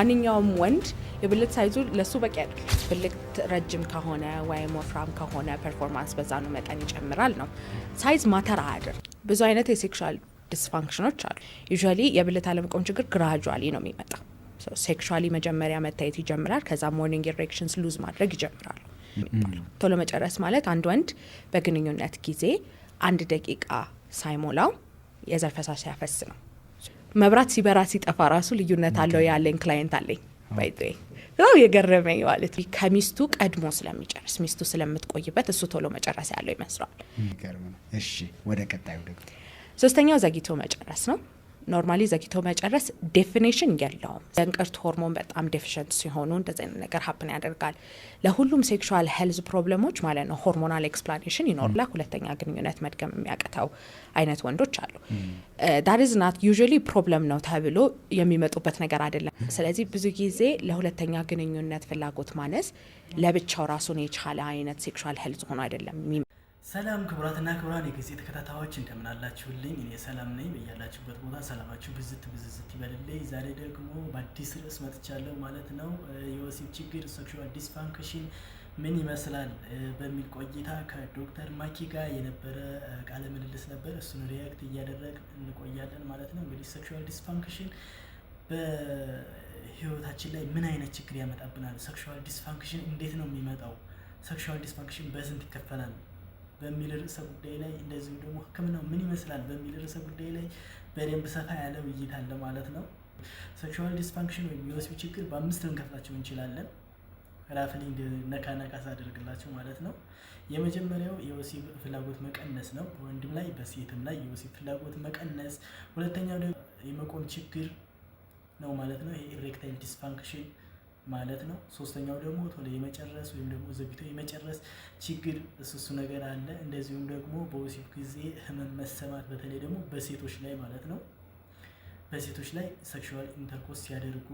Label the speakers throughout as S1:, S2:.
S1: ማንኛውም ወንድ የብልት ሳይዙ ለሱ በቂ አይደል። ብልት ረጅም ከሆነ ወይም ወፍራም ከሆነ ፐርፎርማንስ በዛ ነው መጠን ይጨምራል ነው። ሳይዝ ማተር አያድር። ብዙ አይነት የሴክሹዋል ዲስፋንክሽኖች አሉ። ዩዥዋሊ የብልት አለመቆም ችግር ግራጁዋሊ ነው የሚመጣ። ሴክሹዋሊ መጀመሪያ መታየት ይጀምራል። ከዛ ሞርኒንግ ኢሬክሽንስ ሉዝ ማድረግ ይጀምራሉ። ቶሎ መጨረስ ማለት አንድ ወንድ በግንኙነት ጊዜ አንድ ደቂቃ ሳይሞላው የዘር ፈሳሽ ሲያፈስ ነው። መብራት ሲበራ ሲጠፋ ራሱ ልዩነት አለው ያለኝ ክላይንት አለኝ ባይዘይ ነው የገረመኝ ማለት ከሚስቱ ቀድሞ ስለሚጨርስ ሚስቱ ስለምትቆይበት እሱ ቶሎ መጨረስ ያለው ይመስለዋል።
S2: ወደ ቀጣዩ ደግሞ
S1: ሶስተኛው ዘግይቶ መጨረስ ነው። ኖርማሊ ዘግቶ መጨረስ ዴፊኔሽን የለውም። የእንቅርት ሆርሞን በጣም ዴፊሽንት ሲሆኑ እንደዚህ አይነት ነገር ሀፕን ያደርጋል። ለሁሉም ሴክሹዋል ሄልዝ ፕሮብለሞች ማለት ነው ሆርሞናል ኤክስፕላኔሽን ይኖርላ። ሁለተኛ ግንኙነት መድገም የሚያቅተው አይነት ወንዶች አሉ። ዝ ናት ዩዥሊ ፕሮብለም ነው ተብሎ የሚመጡበት ነገር አይደለም። ስለዚህ ብዙ ጊዜ ለሁለተኛ ግንኙነት ፍላጎት ማነስ ለብቻው ራሱን የቻለ አይነት ሴክሹዋል ሄልዝ ሆኖ አይደለም ሰላም ክቡራትና ክቡራን የጊዜ ተከታታዮች እንደምን አላችሁልኝ? እኔ ሰላም ነኝ። በያላችሁበት ቦታ ሰላማችሁ ብዝት ብዝዝት ይበልልኝ። ዛሬ ደግሞ በአዲስ ርዕስ መጥቻለሁ ማለት ነው። የወሲብ ችግር ሴክሹዋል ዲስፋንክሽን ምን ይመስላል በሚል ቆይታ ከዶክተር ማኪ ጋር የነበረ ቃለ ምልልስ ነበር። እሱን ሪያክት እያደረግ እንቆያለን ማለት ነው። እንግዲህ ሴክሹዋል ዲስፋንክሽን በህይወታችን ላይ ምን አይነት ችግር ያመጣብናል? ሴክሹዋል ዲስፋንክሽን እንዴት ነው የሚመጣው? ሴክሹዋል ዲስፋንክሽን በስንት ይከፈላል? በሚል ርዕሰ ጉዳይ ላይ እንደዚሁ ደግሞ ህክምናው ምን ይመስላል በሚል ርዕሰ ጉዳይ ላይ በደንብ ሰፋ ያለ ውይይት አለ ማለት ነው። ሴክሹዋል ዲስፋንክሽን ወይም የወሲብ ችግር በአምስት ልንከፍላቸው እንችላለን። ራፍሊ ነካ ነካ ሳደርግላቸው ማለት ነው። የመጀመሪያው የወሲብ ፍላጎት መቀነስ ነው፣ በወንድም ላይ በሴትም ላይ የወሲብ ፍላጎት መቀነስ። ሁለተኛው የመቆም ችግር ነው ማለት ነው። ይሄ ኢሬክታይል ዲስፋንክሽን ማለት ነው። ሶስተኛው ደግሞ ቶሎ የመጨረስ ወይም ደግሞ ዘግቶ የመጨረስ ችግር እሱሱ ነገር አለ። እንደዚሁም ደግሞ በወሲብ ጊዜ ህመም መሰማት፣ በተለይ ደግሞ በሴቶች ላይ ማለት ነው። በሴቶች ላይ ሴክሹዋል ኢንተርኮርስ ሲያደርጉ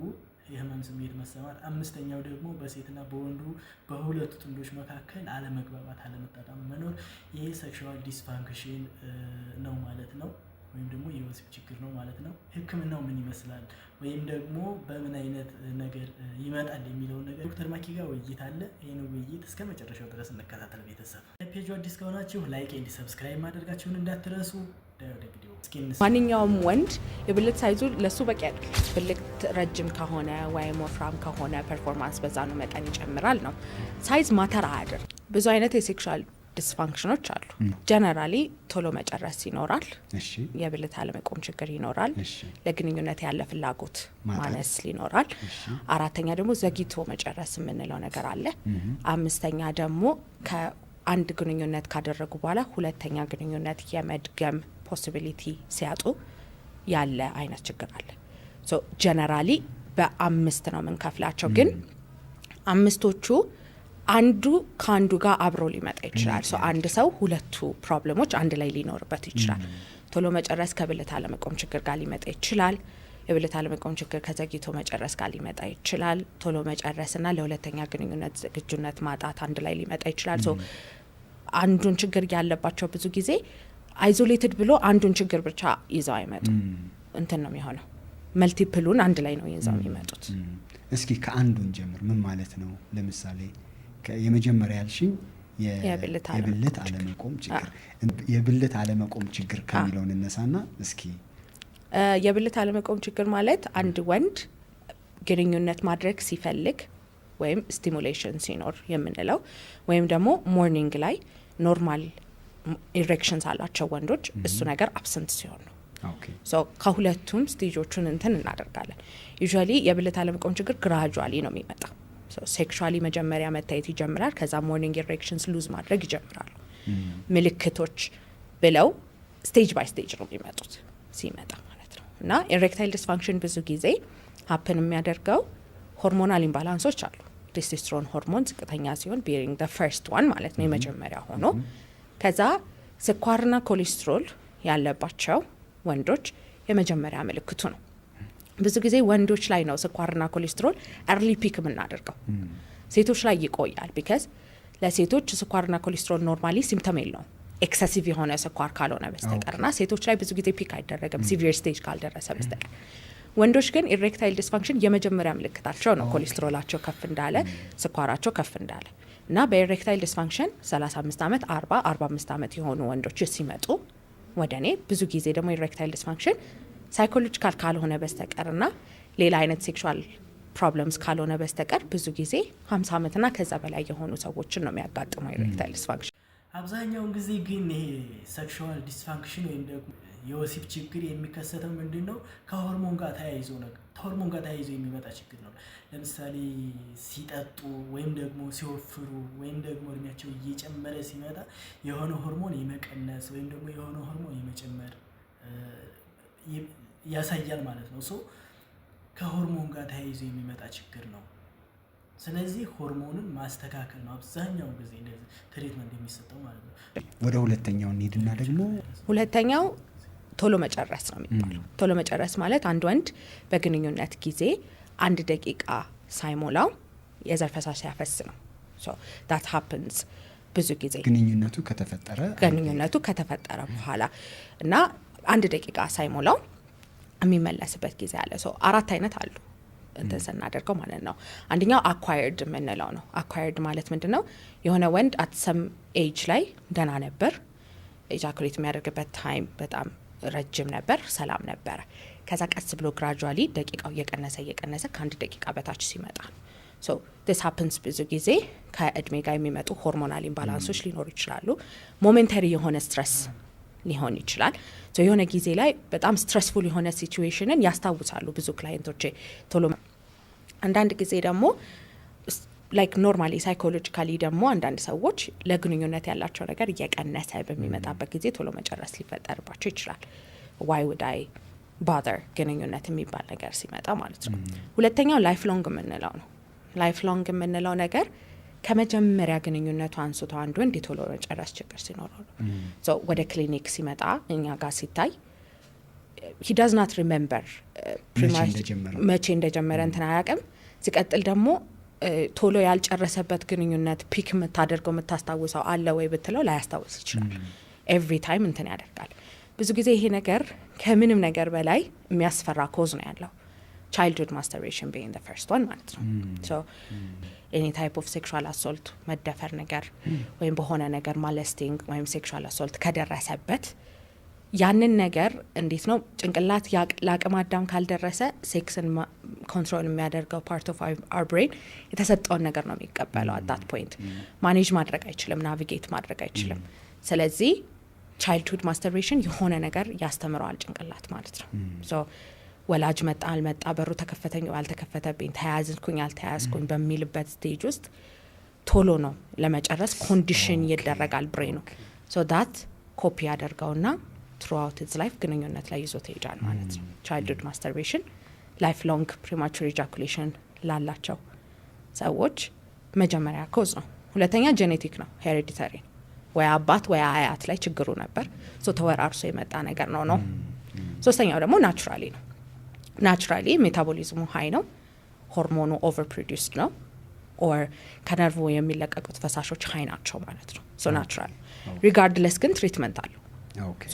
S1: የህመም ስሜት መሰማት። አምስተኛው ደግሞ በሴትና በወንዱ በሁለቱ ጥንዶች መካከል አለመግባባት፣ አለመጣጣም መኖር። ይሄ ሴክሹዋል ዲስፋንክሽን ነው ማለት ነው። ወይም ደግሞ የወሲብ ችግር ነው ማለት ነው። ህክምናው ምን ይመስላል ወይም ደግሞ በምን አይነት ነገር ይመጣል የሚለውን ነገር ዶክተር ማኪ ጋር ውይይት አለ። ይህን ውይይት እስከ መጨረሻው ድረስ እንከታተል። ቤተሰብ ለፔጁ አዲስ ከሆናችሁ ላይክ ኤንድ ሰብስክራይብ ማድረጋችሁን እንዳትረሱ። ማንኛውም ወንድ የብልት ሳይዙ ለሱ በቂ አይደል። ብልት ረጅም ከሆነ ወይም ወፍራም ከሆነ ፐርፎርማንስ በዛኑ መጠን ይጨምራል ነው። ሳይዝ ማተር አያድር ብዙ አይነት የሴክሹዋል ዲስፋንክሽኖች አሉ። ጀነራሊ ቶሎ መጨረስ ይኖራል። የብልት አለመቆም ችግር ይኖራል። ለግንኙነት ያለ ፍላጎት ማነስ ሊኖራል። አራተኛ ደግሞ ዘግይቶ መጨረስ የምንለው ነገር አለ። አምስተኛ ደግሞ ከአንድ ግንኙነት ካደረጉ በኋላ ሁለተኛ ግንኙነት የመድገም ፖስቢሊቲ ሲያጡ ያለ አይነት ችግር አለ። ጀነራሊ በአምስት ነው የምንከፍላቸው ግን አምስቶቹ አንዱ ከአንዱ ጋር አብሮ ሊመጣ ይችላል። ሰው አንድ ሰው ሁለቱ ፕሮብለሞች አንድ ላይ ሊኖርበት ይችላል። ቶሎ መጨረስ ከብልት አለመቆም ችግር ጋር ሊመጣ ይችላል። የብልት አለመቆም ችግር ከዘግይቶ መጨረስ ጋር ሊመጣ ይችላል። ቶሎ መጨረስና ለሁለተኛ ግንኙነት ዝግጁነት ማጣት አንድ ላይ ሊመጣ ይችላል። ሰው አንዱን ችግር ያለባቸው ብዙ ጊዜ አይዞሌትድ ብሎ አንዱን ችግር ብቻ ይዘው አይመጡ እንትን ነው የሚሆነው መልቲፕሉን አንድ ላይ ነው ይዘው የሚመጡት። እስኪ ከአንዱን ጀምር ምን ማለት ነው? ለምሳሌ የመጀመሪያ ያልሽኝ የብልት አለመቆም ችግር የብልት አለመቆም ችግር ከሚለውን እነሳና እስኪ የብልት አለመቆም ችግር ማለት አንድ ወንድ ግንኙነት ማድረግ ሲፈልግ ወይም ስቲሙሌሽን ሲኖር የምንለው ወይም ደግሞ ሞርኒንግ ላይ ኖርማል ኢሬክሽንስ አላቸው ወንዶች እሱ ነገር አብሰንት ሲሆን ነው። ከሁለቱም ስቴጆቹን እንትን እናደርጋለን። ዩዥዋሊ የብልት አለመቆም ችግር ግራጁዋሊ ነው የሚመጣ ሴክሹዋሊ መጀመሪያ መታየት ይጀምራል። ከዛ ሞርኒንግ ኢሬክሽንስ ሉዝ ማድረግ ይጀምራሉ። ምልክቶች ብለው ስቴጅ ባይ ስቴጅ ነው የሚመጡት ሲመጣ ማለት ነው። እና ኢሬክታይል ዲስፋንክሽን ብዙ ጊዜ ሀፕን የሚያደርገው ሆርሞናል ኢምባላንሶች አሉ። ቴስቴስትሮን ሆርሞን ዝቅተኛ ሲሆን ቢሪንግ ደ ፈርስት ዋን ማለት ነው የመጀመሪያ ሆኖ ከዛ ስኳርና ኮሌስትሮል ያለባቸው ወንዶች የመጀመሪያ ምልክቱ ነው። ብዙ ጊዜ ወንዶች ላይ ነው ስኳርና ኮሌስትሮል አርሊ ፒክ የምናደርገው፣ hmm. ሴቶች ላይ ይቆያል። ቢካዝ ለሴቶች ስኳርና ኮሌስትሮል ኖርማሊ ሲምተም የለውም ኤክሰሲቭ የሆነ ስኳር ካልሆነ ና ሴቶች ላይ ብዙ ጊዜ ፒክ አይደረግም ሲቪር hmm. ስቴጅ ካልደረሰ በስተቀር። ወንዶች ግን ኢሬክታይል ዲስፋንክሽን የመጀመሪያ ምልክታቸው ነው፣ ኮሌስትሮላቸው ከፍ እንዳለ፣ ስኳራቸው ከፍ እንዳለ እና በኢሬክታይል ዲስፋንክሽን 35 ዓመት 40 45 ዓመት የሆኑ ወንዶች ሲመጡ ወደ እኔ ብዙ ጊዜ ደግሞ ኢሬክታይል ዲስፋንክሽን ሳይኮሎጂካል ካልሆነ በስተቀር እና ሌላ አይነት ሴክሹዋል ፕሮብለምስ ካልሆነ በስተቀር ብዙ ጊዜ 50 ዓመትና ከዛ በላይ የሆኑ ሰዎችን ነው የሚያጋጥመው ኢሬክታይል ዲስፋንክሽን። አብዛኛውን ጊዜ ግን ይሄ ሴክሹዋል ዲስፋንክሽን ወይም ደግሞ የወሲብ ችግር የሚከሰተው ምንድን ነው? ከሆርሞን ጋር ተያይዞ ከሆርሞን ጋር ተያይዞ የሚመጣ ችግር ነው። ለምሳሌ ሲጠጡ ወይም ደግሞ ሲወፍሩ ወይም ደግሞ እድሜያቸው እየጨመረ ሲመጣ የሆነ ሆርሞን የመቀነስ ወይም ደግሞ የሆነ ሆርሞን የመጨመር ያሳያል ማለት ነው። ሰው ከሆርሞን ጋር ተያይዞ የሚመጣ ችግር ነው። ስለዚህ ሆርሞንን ማስተካከል ነው አብዛኛው ጊዜ ትሪትመንት የሚሰጠው ማለት ነው። ወደ ሁለተኛው እንሂድና ደግሞ ሁለተኛው ቶሎ መጨረስ ነው የሚባለው። ቶሎ መጨረስ ማለት አንድ ወንድ በግንኙነት ጊዜ አንድ ደቂቃ ሳይሞላው የዘር ፈሳሽ ሲያፈስ ነው። ዳት ሀፕንስ ብዙ ጊዜ ግንኙነቱ ከተፈጠረ ግንኙነቱ ከተፈጠረ በኋላ እና አንድ ደቂቃ ሳይሞላው የሚመለስበት ጊዜ አለ። አራት አይነት አሉ እንትን ስናደርገው ማለት ነው። አንደኛው አኳየርድ የምንለው ነው። አኳየርድ ማለት ምንድን ነው? የሆነ ወንድ አትሰም ኤጅ ላይ ደህና ነበር፣ ኢጃኩሌት የሚያደርግበት ታይም በጣም ረጅም ነበር፣ ሰላም ነበረ። ከዛ ቀስ ብሎ ግራጁዋሊ ደቂቃው እየቀነሰ እየቀነሰ ከአንድ ደቂቃ በታች ሲመጣ ሶ ዲስ ሀፕንስ ብዙ ጊዜ ከእድሜ ጋር የሚመጡ ሆርሞናል ኢምባላንሶች ሊኖሩ ይችላሉ። ሞሜንተሪ የሆነ ስትረስ ሊሆን ይችላል። የሆነ ጊዜ ላይ በጣም ስትረስፉል የሆነ ሲትዌሽንን ያስታውሳሉ ብዙ ክላይንቶቼ ቶሎ። አንዳንድ ጊዜ ደግሞ ላይክ ኖርማሊ ሳይኮሎጂካሊ ደግሞ አንዳንድ ሰዎች ለግንኙነት ያላቸው ነገር እየቀነሰ በሚመጣበት ጊዜ ቶሎ መጨረስ ሊፈጠርባቸው ይችላል። ዋይ ውድ አይ ባር ግንኙነት የሚባል ነገር ሲመጣ ማለት ነው። ሁለተኛው ላይፍ ሎንግ የምንለው ነው። ላይፍ ሎንግ የምንለው ነገር ከመጀመሪያ ግንኙነቱ አንስቶ አንድ ወንድ የቶሎ መጨረስ ችግር ሲኖረው ነው። ወደ ክሊኒክ ሲመጣ እኛ ጋር ሲታይ ሂ ዳዝ ናት ሪሜምበር መቼ እንደጀመረ እንትን አያውቅም። ሲቀጥል ደግሞ uh, ቶሎ ያልጨረሰበት ግንኙነት ፒክ የምታደርገው የምታስታውሰው አለ ወይ ብትለው ላያስታውስ ይችላል። ኤቭሪ ታይም እንትን ያደርጋል። ብዙ ጊዜ ይሄ ነገር ከምንም ነገር በላይ የሚያስፈራ ኮዝ ነው ያለው ቻይልድሁድ ማስተርቤሽን ቢንግ ዘ ፈርስት ዋን ማለት ነው። ሶ ኤኒ ታይፕ ኦፍ ሴክሹዋል አሶልት መደፈር ነገር hmm. ወይም በሆነ ነገር ማለስቲንግ ወይም ሴክሹዋል አሶልት ከደረሰበት ያንን ነገር እንዴት ነው ጭንቅላት ለአቅም አዳም ካልደረሰ ሴክስን ኮንትሮል የሚያደርገው ፓርት ኦፍ አር ብሬን የተሰጠውን ነገር ነው የሚቀበለው። አታት ፖይንት ማኔጅ ማድረግ አይችልም፣ ናቪጌት ማድረግ አይችልም። hmm. ስለዚህ ቻይልድሁድ ማስተርቤሽን የሆነ ነገር ያስተምረዋል ጭንቅላት ማለት ነው። hmm. ወላጅ መጣ አልመጣ በሩ ተከፈተኝ አልተከፈተብኝ ተያያዝኩኝ አልተያያዝኩኝ በሚልበት ስቴጅ ውስጥ ቶሎ ነው ለመጨረስ ኮንዲሽን ይደረጋል ብሬኑ ሶ ዳት ኮፒ ያደርገውና ትሩአውት ኢዝ ላይፍ ግንኙነት ላይ ይዞ ትሄዳል ማለት ነው። ቻይልድሁድ ማስተርቤሽን ላይፍ ሎንግ ፕሪማቹር ኢጃኩሌሽን ላላቸው ሰዎች መጀመሪያ ኮዝ ነው። ሁለተኛ ጄኔቲክ ነው፣ ሄሬዲተሪ ነው። ወይ አባት ወይ አያት ላይ ችግሩ ነበር፣ ሶ ተወራርሶ የመጣ ነገር ነው ነው። ሶስተኛው ደግሞ ናቹራሊ ነው። ናቹራሊ ሜታቦሊዝሙ ሀይ ነው፣ ሆርሞኑ ኦቨር ፕሮዲውስድ ነው ኦር ከነርቮ የሚለቀቁት ፈሳሾች ሀይ ናቸው ማለት ነው። ሶ ናቹራል ሪጋርድለስ ግን ትሪትመንት አለው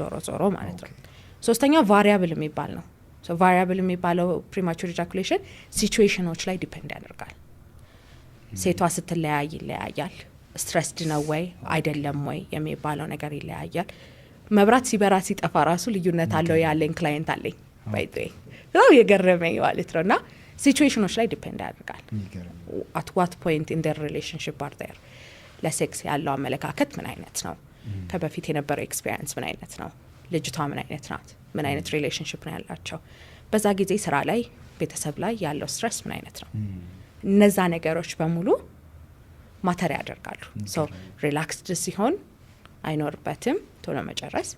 S1: ዞሮ ዞሮ ማለት ነው። ሶስተኛው ቫሪያብል የሚባል ነው። ቫሪያብል የሚባለው ፕሪማቹር ኢጃኩሌሽን ሲዌሽኖች ላይ ዲፔንድ ያደርጋል። ሴቷ ስትለያይ ይለያያል። ስትረስ ነው ወይ አይደለም ወይ የሚባለው ነገር ይለያያል። መብራት ሲበራ ሲጠፋ ራሱ ልዩነት አለው ያለኝ ክላይንት አለኝ ባይጤ በጣም የገረመኝ ማለት ነው። እና ሲቹዌሽኖች ላይ ዲፔንድ ያደርጋል። አት ዋት ፖይንት ኢን ደር ሪሌሽንሽፕ አር ለሴክስ ያለው አመለካከት ምን አይነት ነው? ከበፊት የነበረው ኤክስፔሪንስ ምን አይነት ነው? ልጅቷ ምን አይነት ናት? ምን አይነት ሪሌሽንሽፕ ነው ያላቸው? በዛ ጊዜ ስራ ላይ፣ ቤተሰብ ላይ ያለው ስትረስ ምን አይነት ነው? እነዛ ነገሮች በሙሉ ማተር ያደርጋሉ። ሶ ሪላክስድ ሲሆን አይኖርበትም ቶሎ መጨረስ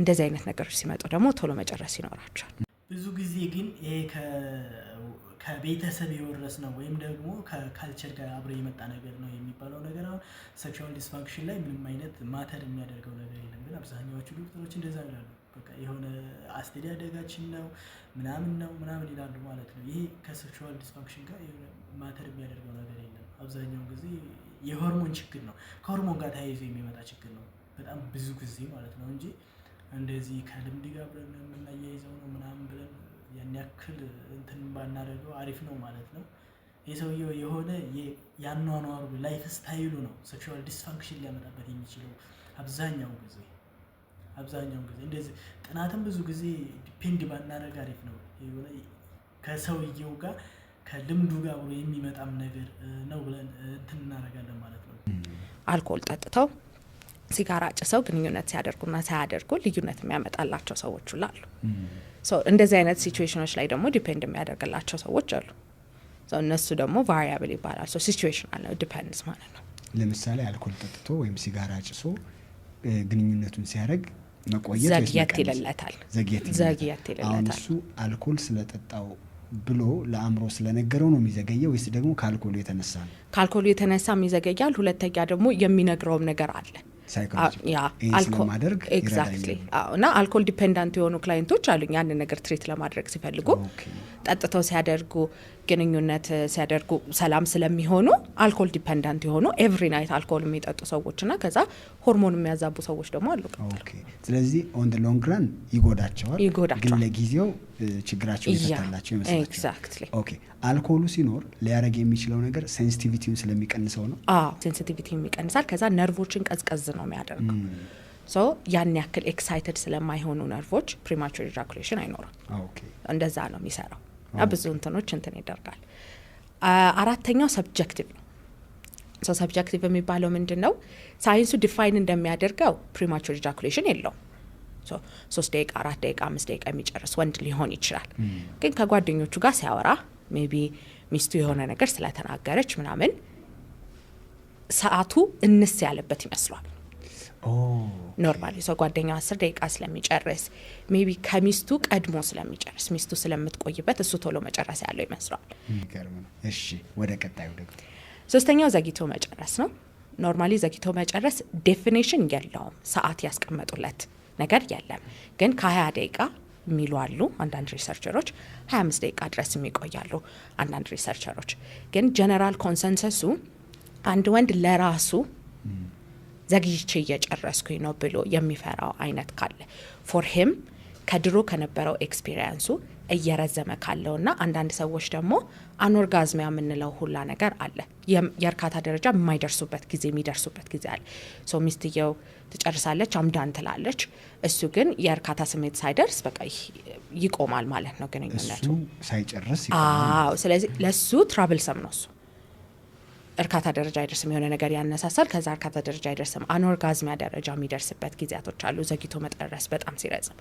S1: እንደዚህ አይነት ነገሮች ሲመጡ ደግሞ ቶሎ መጨረስ ይኖራቸዋል። ብዙ ጊዜ ግን ይሄ ከቤተሰብ የወረስ ነው ወይም ደግሞ ከካልቸር ጋር አብሮ የመጣ ነገር ነው የሚባለው ነገር አሁን ሴክሹዋል ዲስፋንክሽን ላይ ምንም አይነት ማተር የሚያደርገው ነገር የለም፣ ግን አብዛኛዎቹ ዶክተሮች እንደዛ ይላሉ። በቃ የሆነ አስተዳደጋችን ነው ምናምን ነው ምናምን ይላሉ ማለት ነው። ይሄ ከሴክሹዋል ዲስፋንክሽን ጋር ማተር የሚያደርገው ነገር የለም። አብዛኛውን ጊዜ የሆርሞን ችግር ነው፣ ከሆርሞን ጋር ተያይዞ የሚመጣ ችግር ነው። በጣም ብዙ ጊዜ ማለት ነው እንጂ እንደዚህ ከልምድ ጋር ብለን የምናያይዘው ነው ምናምን ብለን ያን ያክል እንትን ባናደርገው አሪፍ ነው ማለት ነው። የሰውየው የሆነ የአኗኗሩ ላይፍ ስታይሉ ነው ሴክሹዋል ዲስፋንክሽን ሊያመጣበት የሚችለው አብዛኛው ጊዜ አብዛኛው ጊዜ እንደዚህ ጥናትም ብዙ ጊዜ ዲፔንድ ባናደርግ አሪፍ ነው። ከሰውየው ጋር ከልምዱ ጋር ብሎ የሚመጣም ነገር ነው ብለን እንትን እናደርጋለን ማለት ነው። አልኮል ጠጥተው ሲጋራ ጭሰው ግንኙነት ሲያደርጉና ሳያደርጉ ልዩነት የሚያመጣላቸው ሰዎች ላሉ እንደዚህ አይነት ሲቹዌሽኖች ላይ ደግሞ ዲፔንድ የሚያደርግላቸው ሰዎች አሉ። እነሱ ደግሞ ቫሪያብል ይባላል። ሲቹዌሽናል አለ ዲፔንድስ ማለት ነው። ለምሳሌ አልኮል ጠጥቶ ወይም ሲጋራ ጭሶ ግንኙነቱን ሲያደርግ መቆየት ዘግየት ይልለታል። ዘግየት ይልለታል። አሁን እሱ አልኮል ስለጠጣው ብሎ ለአእምሮ ስለነገረው ነው የሚዘገየ ወይስ ደግሞ ከአልኮሉ የተነሳ ነው? ከአልኮሉ የተነሳ ይዘገያል። ሁለተኛ ደግሞ የሚነግረውም ነገር አለ ኤግዛክትሊ እና አልኮል ዲፔንዳንት የሆኑ ክላይንቶች አሉኝ። ያንን ነገር ትሬት ለማድረግ ሲፈልጉ ጠጥተው ሲያደርጉ ግንኙነት ሲያደርጉ ሰላም ስለሚሆኑ አልኮል ዲፐንደንት የሆኑ ኤቭሪ ናይት አልኮል የሚጠጡ ሰዎችና ከዛ ሆርሞን የሚያዛቡ ሰዎች ደግሞ አሉ። ስለዚህ ኦን ደ ሎንግ ራን ይጎዳቸዋል፣ ግን ለጊዜው ችግራቸው ይፈታላቸው ይመስላቸዋል። ኦኬ አልኮሉ ሲኖር ሊያደረግ የሚችለው ነገር ሴንሲቲቪቲውን ስለሚቀንሰው ነው። ሴንሲቲቪቲውን ይቀንሳል። ከዛ ነርቮችን ቀዝቀዝ ነው የሚያደርገው ሶ ያን ያክል ኤክሳይትድ ስለማይሆኑ ነርቮች ፕሪማቹር ኢጃኩሌሽን አይኖርም። እንደዛ ነው የሚሰራው። ብዙ እንትኖች እንትን ይደርጋል። አራተኛው ሰብጀክቲቭ ነው። ሰብጀክቲቭ የሚባለው ምንድን ነው? ሳይንሱ ዲፋይን እንደሚያደርገው ፕሪማቹር ኢጃኩሌሽን የለውም። ሶስት ደቂቃ፣ አራት ደቂቃ፣ አምስት ደቂቃ የሚጨርስ ወንድ ሊሆን ይችላል። ግን ከጓደኞቹ ጋር ሲያወራ ሜቢ ሚስቱ የሆነ ነገር ስለተናገረች ምናምን ሰዓቱ እንስ ያለበት ይመስሏል። Oh. ኖርማሊ ሰው ጓደኛው አስር ደቂቃ ስለሚጨርስ ሜቢ ከሚስቱ ቀድሞ ስለሚጨርስ ሚስቱ ስለምትቆይበት እሱ ቶሎ መጨረስ ያለው ይመስለዋል። እሺ ወደ ቀጣዩ ደግሞ ሶስተኛው ዘግይቶ መጨረስ ነው። ኖርማሊ ዘግይቶ መጨረስ ዴፊኔሽን የለውም፣ ሰዓት ያስቀመጡለት ነገር የለም። ግን ከ20 ደቂቃ የሚሉ አሉ። አንዳንድ ሪሰርቸሮች 25 ደቂቃ ድረስ የሚቆያሉ። አንዳንድ ሪሰርቸሮች ግን ጀነራል ኮንሰንሰሱ አንድ ወንድ ለራሱ ዘግይቼ እየጨረስኩኝ ነው ብሎ የሚፈራው አይነት ካለ ፎር ሂም ከድሮ ከነበረው ኤክስፒሪየንሱ እየረዘመ ካለውና አንዳንድ ሰዎች ደግሞ አኖርጋዝሚያ የምንለው ሁላ ነገር አለ። የእርካታ ደረጃ የማይደርሱበት ጊዜ የሚደርሱበት ጊዜ አለ። ሶ ሚስትየው ትጨርሳለች፣ አምዳን ትላለች። እሱ ግን የእርካታ ስሜት ሳይደርስ በቃ ይቆማል ማለት ነው ግንኙነቱ ሳይጨርስ። ስለዚህ ለሱ ትራብልሰም ነው እሱ እርካታ ደረጃ አይደርስም። የሆነ ነገር ያነሳሳል፣ ከዛ እርካታ ደረጃ አይደርስም። አኖርጋዝሚያ ደረጃ የሚደርስበት ጊዜያቶች አሉ። ዘግይቶ መጨረስ በጣም ሲረጽም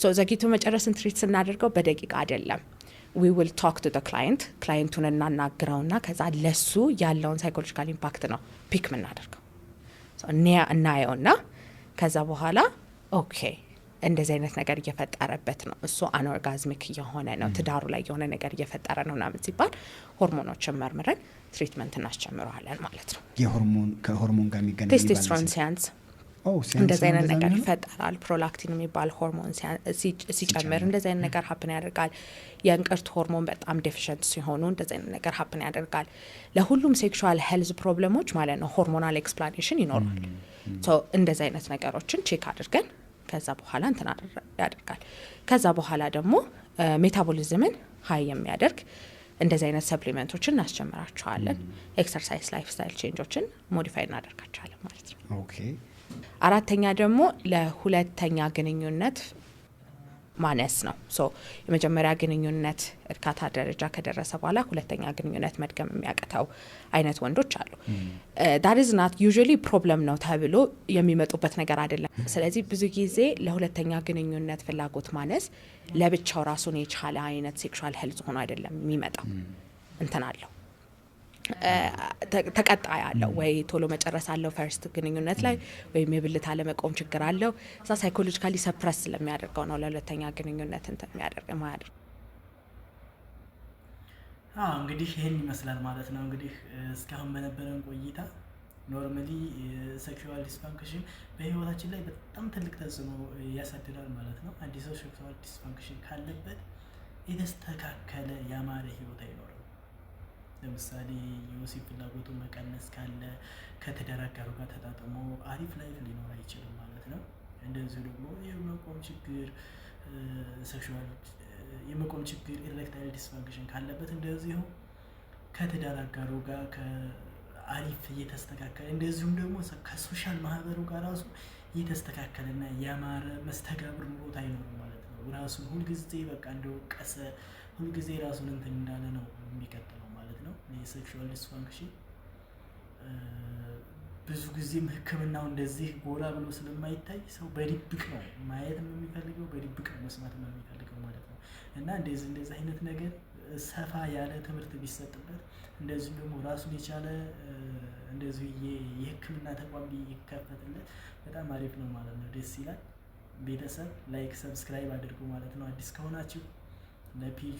S1: ሶ ዘግይቶ መጨረስን ትሪት ስናደርገው በደቂቃ አይደለም። ዊ ዊል ቶክ ቱ ክላይንት፣ ክላይንቱን እናናግረውና ከዛ ለሱ ያለውን ሳይኮሎጂካል ኢምፓክት ነው ፒክ ምናደርገው እናየውና ከዛ በኋላ ኦኬ እንደዚህ አይነት ነገር እየፈጠረበት ነው፣ እሱ አንኦርጋዝሚክ የሆነ ነው፣ ትዳሩ ላይ የሆነ ነገር እየፈጠረ ነው ናምን ሲባል ሆርሞኖችን መርምረን ትሪትመንት እናስጀምረዋለን ማለት ነው። የሆርሞን ከሆርሞን ጋር የሚገናኝ ቴስቴስትሮን ሲያንስ እንደዚህ አይነት ነገር ይፈጠራል። ፕሮላክቲን የሚባል ሆርሞን ሲጨምር እንደዚህ አይነት ነገር ሀፕን ያደርጋል። የእንቅርት ሆርሞን በጣም ዴፊሽንት ሲሆኑ እንደዚህ አይነት ነገር ሀፕን ያደርጋል። ለሁሉም ሴክሹዋል ሄልዝ ፕሮብለሞች ማለት ነው ሆርሞናል ኤክስፕላኔሽን ይኖራል። እንደዚህ አይነት ነገሮችን ቼክ አድርገን ከዛ በኋላ እንትን ያደርጋል። ከዛ በኋላ ደግሞ ሜታቦሊዝምን ሀይ የሚያደርግ እንደዚህ አይነት ሰፕሊመንቶችን እናስጀምራቸዋለን። ኤክሰርሳይዝ ላይፍ ስታይል ቼንጆችን ሞዲፋይ እናደርጋቸዋለን ማለት ነው። አራተኛ ደግሞ ለሁለተኛ ግንኙነት ማነስ ነው። ሶ የመጀመሪያ ግንኙነት እርካታ ደረጃ ከደረሰ በኋላ ሁለተኛ ግንኙነት መድገም የሚያቅተው አይነት ወንዶች አሉ። ዳትዝ ናት ዩዥዋሊ ፕሮብለም ነው ተብሎ የሚመጡበት ነገር አይደለም። ስለዚህ ብዙ ጊዜ ለሁለተኛ ግንኙነት ፍላጎት ማነስ ለብቻው ራሱን የቻለ አይነት ሴክሹዋል ሄልዝ ሆኖ አይደለም የሚመጣው እንትን አለው ተቀጣ አለው ወይ ቶሎ መጨረስ አለው ፈርስት ግንኙነት ላይ ወይም የብልት አለመቆም ችግር አለው። እዛ ሳይኮሎጂካሊ ሰፕረስ ስለሚያደርገው ነው ለሁለተኛ ግንኙነት እንትን የሚያደርግ ማያደርግ እንግዲህ ይህን ይመስላል ማለት ነው። እንግዲህ እስካሁን በነበረን ቆይታ ኖርማሊ ሴክሹዋል ዲስፋንክሽን በህይወታችን ላይ በጣም ትልቅ ተጽዕኖ ያሳድራል ማለት ነው። አንድ ሰው ሴክሹዋል ዲስፋንክሽን ካለበት የተስተካከለ ያማረ ህይወት አይኖርም። ለምሳሌ የወሲብ ፍላጎቱ መቀነስ ካለ ከትዳር አጋሩ ጋር ተጣጥሞ አሪፍ ላይፍ ሊኖር አይችልም ማለት ነው። እንደዚሁ ደግሞ የመቆም ችግር ሴክሹዋል የመቆም ችግር ኢሬክታይል ዲስፋንክሽን ካለበት እንደዚሁ ከትዳር አጋሩ ጋር አሪፍ እየተስተካከለ እንደዚሁም ደግሞ ከሶሻል ማህበሩ ጋር ራሱ እየተስተካከለና ያማረ መስተጋብር ኑሮት አይኖርም ማለት ነው። ራሱን ሁልጊዜ በቃ እንደወቀሰ ሁልጊዜ ራሱን እንትን እንዳለ ነው የሚቀጥለው። የሴክሹዋል ዲስፋንክሽን ብዙ ጊዜም ሕክምናው እንደዚህ ጎላ ብሎ ስለማይታይ ሰው በድብቅ ነው ማየት ነው የሚፈልገው፣ በድብቅ ነው መስማት ነው የሚፈልገው ማለት ነው። እና እንደዚህ እንደዚህ አይነት ነገር ሰፋ ያለ ትምህርት ቢሰጥበት፣ እንደዚሁም ደግሞ ራሱን የቻለ እንደዚሁ የሕክምና ተቋም ቢከፈትለት በጣም አሪፍ ነው ማለት ነው። ደስ ይላል። ቤተሰብ ላይክ፣ ሰብስክራይብ አድርጉ ማለት ነው። አዲስ ከሆናችሁ ለፔጁ